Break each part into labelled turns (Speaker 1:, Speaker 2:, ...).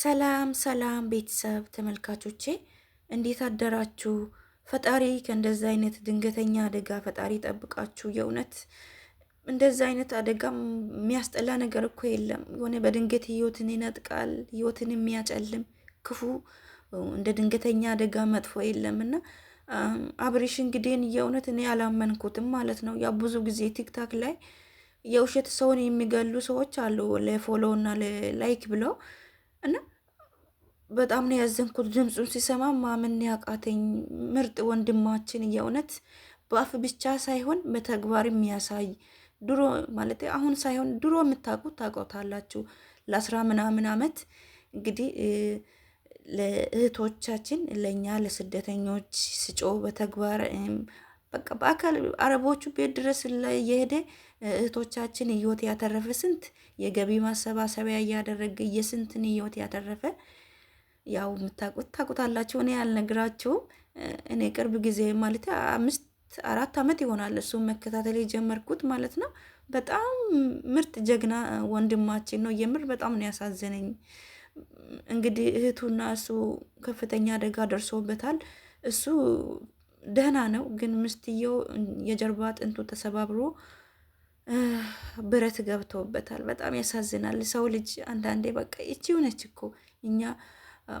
Speaker 1: ሰላም ሰላም ቤተሰብ ተመልካቾቼ እንዴት አደራችሁ? ፈጣሪ ከእንደዚ አይነት ድንገተኛ አደጋ ፈጣሪ ጠብቃችሁ። የእውነት እንደዚ አይነት አደጋ የሚያስጠላ ነገር እኮ የለም። የሆነ በድንገት ህይወትን ይነጥቃል፣ ህይወትን የሚያጨልም ክፉ እንደ ድንገተኛ አደጋ መጥፎ የለም እና አብሬሽ እንግዲህን የእውነት እኔ ያላመንኩትም ማለት ነው። ያ ብዙ ጊዜ ቲክታክ ላይ የውሸት ሰውን የሚገሉ ሰዎች አሉ ለፎሎ እና ለላይክ ብለው እና በጣም ነው ያዘንኩት። ድምፁን ሲሰማ ማመን ያቃተኝ ምርጥ ወንድማችን የእውነት በአፍ ብቻ ሳይሆን በተግባር የሚያሳይ ድሮ ማለት አሁን ሳይሆን ድሮ የምታውቁት ታውቃታላችሁ። ለአስራ ምናምን ዓመት እንግዲህ ለእህቶቻችን ለእኛ ለስደተኞች ስጮ በተግባር በቃ በአካል አረቦቹ ቤት ድረስ የሄደ እህቶቻችን ህይወት ያተረፈ ስንት የገቢ ማሰባሰቢያ እያደረገ የስንትን ህይወት ያተረፈ ያው የምታውቁት ታቁታላችሁ። እኔ ያልነግራችሁም እኔ ቅርብ ጊዜ ማለት አምስት አራት ዓመት ይሆናል እሱ መከታተል የጀመርኩት ማለት ነው። በጣም ምርጥ ጀግና ወንድማችን ነው። የምር በጣም ነው ያሳዘነኝ። እንግዲህ እህቱና እሱ ከፍተኛ አደጋ ደርሶበታል። እሱ ደህና ነው፣ ግን ምስትየው የጀርባ አጥንቱ ተሰባብሮ ብረት ገብቶበታል። በጣም ያሳዝናል። ሰው ልጅ አንዳንዴ በቃ እቺ ሆነች እኮ እኛ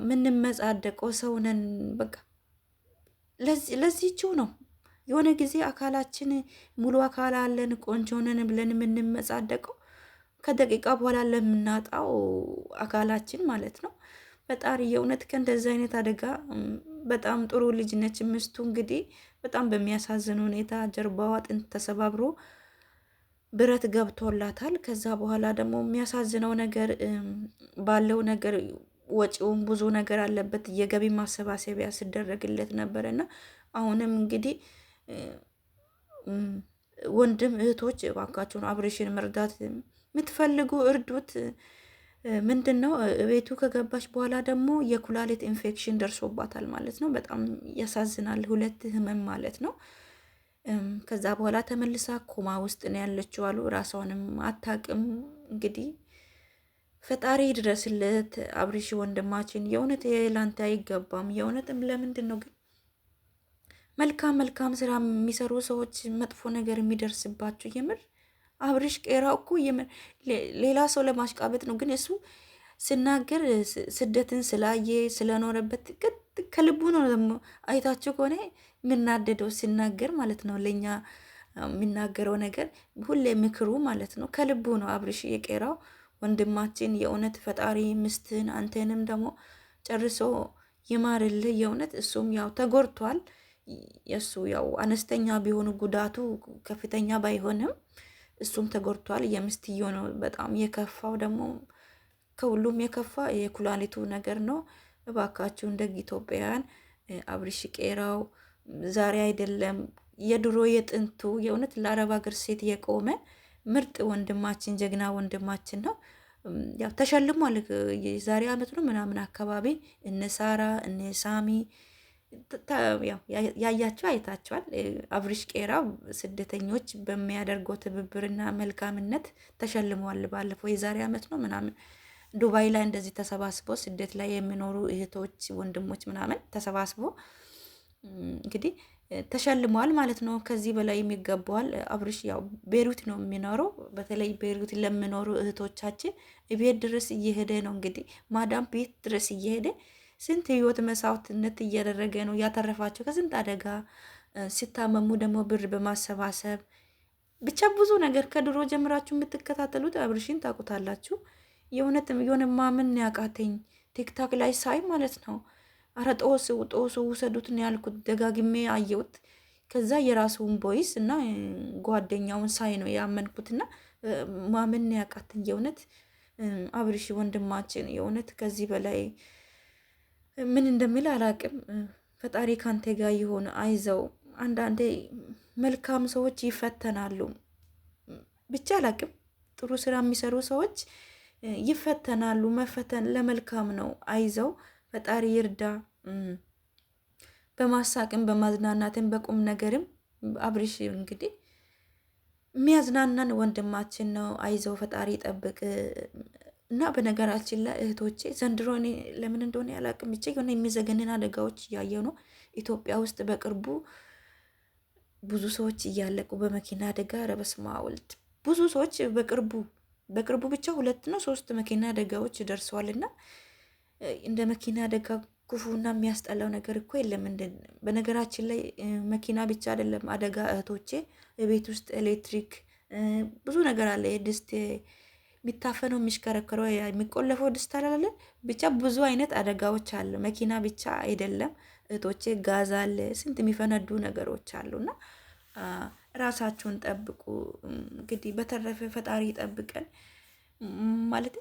Speaker 1: ምንመጻደቀው ሰው ነን። በቃ ለዚህችው ነው የሆነ ጊዜ አካላችን ሙሉ አካል አለን ቆንጆ ነን ብለን የምንመጻደቀው ከደቂቃ በኋላ ለምናጣው አካላችን ማለት ነው። ፈጣሪ የእውነት ከእንደዚህ አይነት አደጋ በጣም ጥሩ ልጅ ነች። ምስቱ እንግዲህ በጣም በሚያሳዝን ሁኔታ ጀርባዋ አጥንት ተሰባብሮ ብረት ገብቶላታል። ከዛ በኋላ ደግሞ የሚያሳዝነው ነገር ባለው ነገር ወጪውን ብዙ ነገር አለበት የገቢ ማሰባሰቢያ ሲደረግለት ነበር እና አሁንም እንግዲህ ወንድም እህቶች እባካችሁን አብሬሽን መርዳት የምትፈልጉ እርዱት። ምንድን ነው ቤቱ ከገባች በኋላ ደግሞ የኩላሊት ኢንፌክሽን ደርሶባታል ማለት ነው። በጣም ያሳዝናል። ሁለት ህመም ማለት ነው። ከዛ በኋላ ተመልሳ ኮማ ውስጥ ነው ያለችው አሉ። ራሷንም አታቅም። እንግዲህ ፈጣሪ ድረስለት አብሪሽ ወንድማችን የእውነት ላንተ አይገባም። የእውነትም ለምንድን ነው ግን መልካም መልካም ስራ የሚሰሩ ሰዎች መጥፎ ነገር የሚደርስባችሁ? የምር አብርሽ ቄራው እኮ ሌላ ሰው ለማሽቃበጥ ነው። ግን እሱ ስናገር ስደትን ስላየ ስለኖረበት ከልቡ ነው። ደሞ አይታችሁ ከሆነ የምናደደው ሲናገር ማለት ነው ለእኛ የሚናገረው ነገር ሁሌ ምክሩ ማለት ነው ከልቡ ነው። አብርሽ የቄራው ወንድማችን የእውነት ፈጣሪ ሚስትህን አንተንም ደግሞ ጨርሶ ይማርልህ። የእውነት እሱም ያው ተጎድቷል። የእሱ ያው አነስተኛ ቢሆኑ ጉዳቱ ከፍተኛ ባይሆንም እሱም ተጎድቷል። የምስትዮ ነው በጣም የከፋው። ደግሞ ከሁሉም የከፋ የኩላሊቱ ነገር ነው። እባካችሁ እንደ ኢትዮጵያውያን አብርሽ ቄራው ዛሬ አይደለም የድሮ የጥንቱ የእውነት ለአረብ ሀገር ሴት የቆመ ምርጥ ወንድማችን ጀግና ወንድማችን ነው። ያው ተሸልሟል። የዛሬ አመት ነው ምናምን አካባቢ እነ ሳራ እነ ሳሚ ያያቸው አይታቸዋል አብሪሽ ቄራው ስደተኞች በሚያደርገው ትብብርና መልካምነት ተሸልመዋል። ባለፈው የዛሬ ዓመት ነው ምናምን ዱባይ ላይ እንደዚህ ተሰባስበው ስደት ላይ የሚኖሩ እህቶች ወንድሞች ምናምን ተሰባስቦ እንግዲህ ተሸልመዋል ማለት ነው። ከዚህ በላይ የሚገባዋል። አብርሽ ያው ቤሩት ነው የሚኖረው። በተለይ ቤሩት ለሚኖሩ እህቶቻችን ቤት ድረስ እየሄደ ነው እንግዲህ ማዳም ቤት ድረስ እየሄደ ስንት ህይወት መስዋዕትነት እያደረገ ነው ያተረፋቸው ከስንት አደጋ። ሲታመሙ ደግሞ ብር በማሰባሰብ ብቻ ብዙ ነገር ከድሮ ጀምራችሁ የምትከታተሉት አብርሽን ታውቁታላችሁ። የእውነት የሆነ ማመን ያቃተኝ ቲክታክ ላይ ሳይ ማለት ነው። አረ ጦስ ጦስ ውሰዱት ነው ያልኩት፣ ደጋግሜ አየሁት። ከዛ የራሱን ቦይስ እና ጓደኛውን ሳይ ነው ያመንኩትና ማምን ያቃተኝ የእውነት አብርሽ ወንድማችን የእውነት ከዚህ በላይ ምን እንደሚል አላቅም። ፈጣሪ ካንተ ጋር ይሆን። አይዘው። አንዳንዴ መልካም ሰዎች ይፈተናሉ። ብቻ አላቅም። ጥሩ ስራ የሚሰሩ ሰዎች ይፈተናሉ። መፈተን ለመልካም ነው። አይዘው። ፈጣሪ ይርዳ። በማሳቅም በማዝናናትም በቁም ነገርም አብርሽ እንግዲህ የሚያዝናናን ወንድማችን ነው። አይዘው ፈጣሪ ጠብቅ። እና በነገራችን ላይ እህቶቼ ዘንድሮ እኔ ለምን እንደሆነ ያላቅም ብቻ የሆነ የሚዘገንን አደጋዎች እያየ ነው። ኢትዮጵያ ውስጥ በቅርቡ ብዙ ሰዎች እያለቁ በመኪና አደጋ ኧረ ወልድ ብዙ ሰዎች በቅርቡ በቅርቡ ብቻ ሁለት ነው ሶስት መኪና አደጋዎች ደርሰዋል። እና እንደ መኪና አደጋ ክፉና የሚያስጠላው ነገር እኮ የለም። በነገራችን ላይ መኪና ብቻ አይደለም አደጋ እህቶቼ፣ ቤት ውስጥ ኤሌክትሪክ ብዙ ነገር አለ የድስት የሚታፈነው የሚሽከረከረው የሚቆለፈው ድስት ላለ ብቻ ብዙ አይነት አደጋዎች አሉ። መኪና ብቻ አይደለም እህቶቼ፣ ጋዝ አለ፣ ስንት የሚፈነዱ ነገሮች እና ራሳችሁን ጠብቁ። እንግዲህ በተረፈ ፈጣሪ ይጠብቀን። ማለት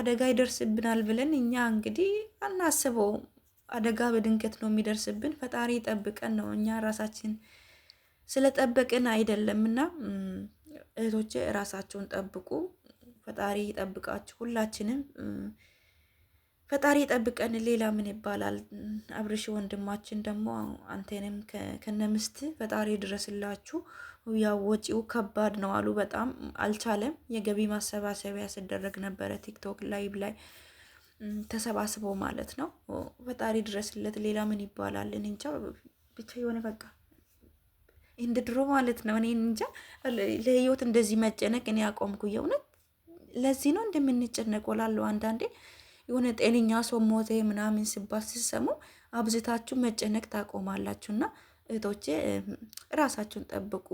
Speaker 1: አደጋ ይደርስብናል ብለን እኛ እንግዲህ አናስበው አደጋ በድንገት ነው የሚደርስብን። ፈጣሪ ይጠብቀን ነው እኛ ራሳችን ስለጠበቅን እና እህቶቼ ራሳችሁን ጠብቁ። ፈጣሪ ይጠብቃችሁ ሁላችንም ፈጣሪ ጠብቀን። ሌላ ምን ይባላል? አብርሽ ወንድማችን ደግሞ አንተንም ከነምስት ፈጣሪ ድረስላችሁ። ያው ወጪው ከባድ ነው አሉ በጣም አልቻለም። የገቢ ማሰባሰቢያ ሲደረግ ነበረ ቲክቶክ ላይቭ ላይ ተሰባስቦ ማለት ነው። ፈጣሪ ድረስለት። ሌላ ምን ይባላል? እንጃ ብቻ የሆነ በቃ እንደ ድሮ ማለት ነው። እኔ እንጃ ለህይወት እንደዚህ መጨነቅ እኔ አቆምኩ የእውነት ለዚህ ነው እንደምንጨነቅ ላለው አንዳንዴ የሆነ ጤነኛ ሰው ሞተ ምናምን ሲባል ሲሰሙ አብዝታችሁ መጨነቅ ታቆማላችሁ ና እህቶቼ ራሳችሁን ጠብቁ።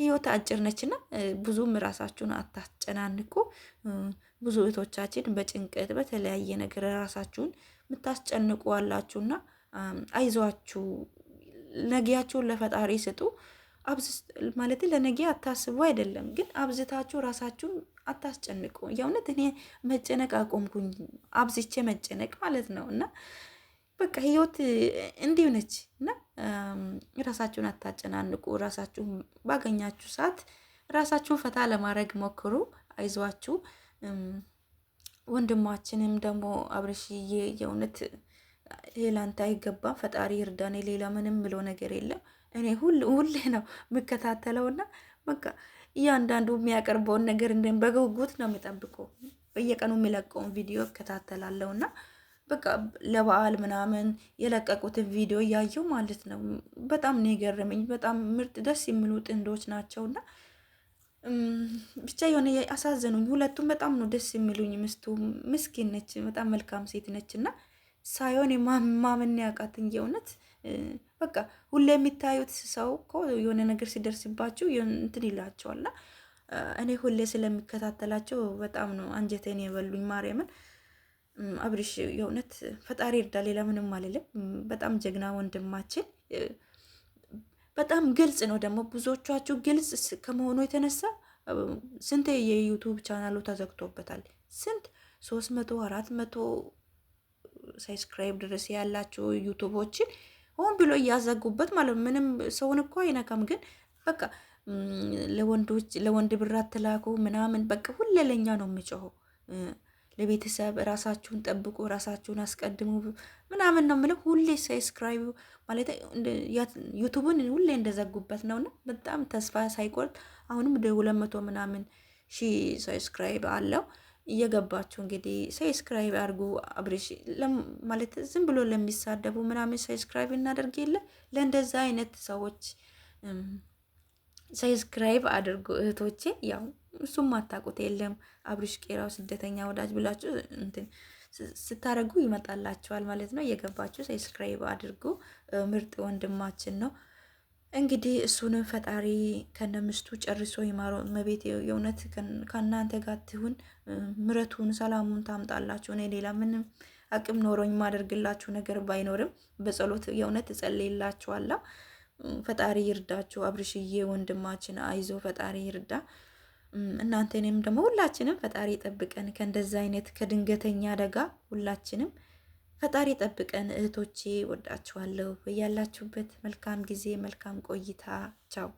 Speaker 1: ህይወት አጭር ነችና ብዙም ራሳችሁን አታስጨናንቁ። ብዙ እህቶቻችን በጭንቀት በተለያየ ነገር ራሳችሁን የምታስጨንቁ አላችሁና አይዟችሁ፣ ነጊያችሁን ለፈጣሪ ስጡ። ማለት ለነገ አታስቡ አይደለም ግን አብዝታችሁ ራሳችሁን አታስጨንቁ። የእውነት እኔ መጨነቅ አቆምኩኝ፣ አብዝቼ መጨነቅ ማለት ነው እና በቃ ህይወት እንዲሁ ነች እና ራሳችሁን አታጨናንቁ። ራሳችሁን ባገኛችሁ ሰዓት ራሳችሁን ፈታ ለማድረግ ሞክሩ። አይዟችሁ። ወንድማችንም ደግሞ አብረሽዬ የእውነት ሄላንታ አይገባም። ፈጣሪ እርዳኔ። ሌላ ምንም ብሎ ነገር የለም። እኔ ሁሌ ነው ና በቃ እያንዳንዱ የሚያቀርበውን ነገር እንደ በጉጉት ነው የሚጠብቀው በየቀኑ የሚለቀውን ቪዲዮ እከታተላለሁ እና በቃ ለበዓል ምናምን የለቀቁትን ቪዲዮ እያየው ማለት ነው። በጣም ነው የገረመኝ። በጣም ምርጥ ደስ የሚሉ ጥንዶች ናቸው እና ብቻ የሆነ አሳዘኑኝ። ሁለቱም በጣም ነው ደስ የሚሉኝ። ምስቱ ምስኪን ነች፣ በጣም መልካም ሴት ነች እና ሳይሆን ማመን ያቃትን የእውነት በቃ ሁሌ የሚታዩት ሰው እኮ የሆነ ነገር ሲደርስባችሁ እንትን ይላቸዋልና እኔ ሁሌ ስለሚከታተላቸው በጣም ነው አንጀቴን የበሉኝ። ማርያምን አብርሽ የእውነት ፈጣሪ እርዳ። ሌላ ምንም አልልም። በጣም ጀግና ወንድማችን፣ በጣም ግልጽ ነው ደግሞ ብዙዎቻችሁ ግልጽ ከመሆኑ የተነሳ ስንት የዩቱብ ቻናሉ ተዘግቶበታል። ስንት ሶስት መቶ አራት መቶ ሳብስክራይብ ድረስ ያላችሁ ዩቱቦችን ሆን ብሎ እያዘጉበት ማለት ነው። ምንም ሰውን እኮ አይነካም፣ ግን በቃ ለወንዶች ለወንድ ብር አትላኩ ምናምን በቃ ሁሌ ለኛ ነው የሚጮኸው። ለቤተሰብ ራሳችሁን ጠብቁ፣ ራሳችሁን አስቀድሙ ምናምን ነው የምለው ሁሌ። ሳብስክራይብ ማለት ዩቱቡን ሁሌ እንደዘጉበት ነውና በጣም ተስፋ ሳይቆርጥ አሁንም ወደ ሁለት መቶ ምናምን ሺ ሳብስክራይብ አለው። እየገባችሁ እንግዲህ ሰብስክራይብ አድርጉ። አብሬሽ ማለት ዝም ብሎ ለሚሳደቡ ምናምን ሰብስክራይብ እናደርግ የለ ለእንደዛ አይነት ሰዎች ሰብስክራይብ አድርጉ እህቶቼ። ያው እሱም ማታቁት የለም አብሬሽ ቄራው ስደተኛ ወዳጅ ብላችሁ እንትን ስታደርጉ ይመጣላችኋል ማለት ነው። እየገባችሁ ሰብስክራይብ አድርጉ። ምርጥ ወንድማችን ነው። እንግዲህ እሱንም ፈጣሪ ከነምስቱ ጨርሶ ይማረው። እመቤቴ የእውነት ከእናንተ ጋር ትሁን፣ ምረቱን ሰላሙን ታምጣላችሁ። እኔ ሌላ ምንም አቅም ኖሮኝ ማደርግላችሁ ነገር ባይኖርም በጸሎት የእውነት እጸልይላችኋለሁ። ፈጣሪ ይርዳችሁ። አብርሽዬ ወንድማችን አይዞ፣ ፈጣሪ ይርዳ። እናንተንም ደግሞ ሁላችንም ፈጣሪ ይጠብቀን ከእንደዚ አይነት ከድንገተኛ አደጋ ሁላችንም ፈጣሪ ጠብቀን እህቶቼ፣ ወዳችኋለሁ። በያላችሁበት መልካም ጊዜ፣ መልካም ቆይታ። ቻው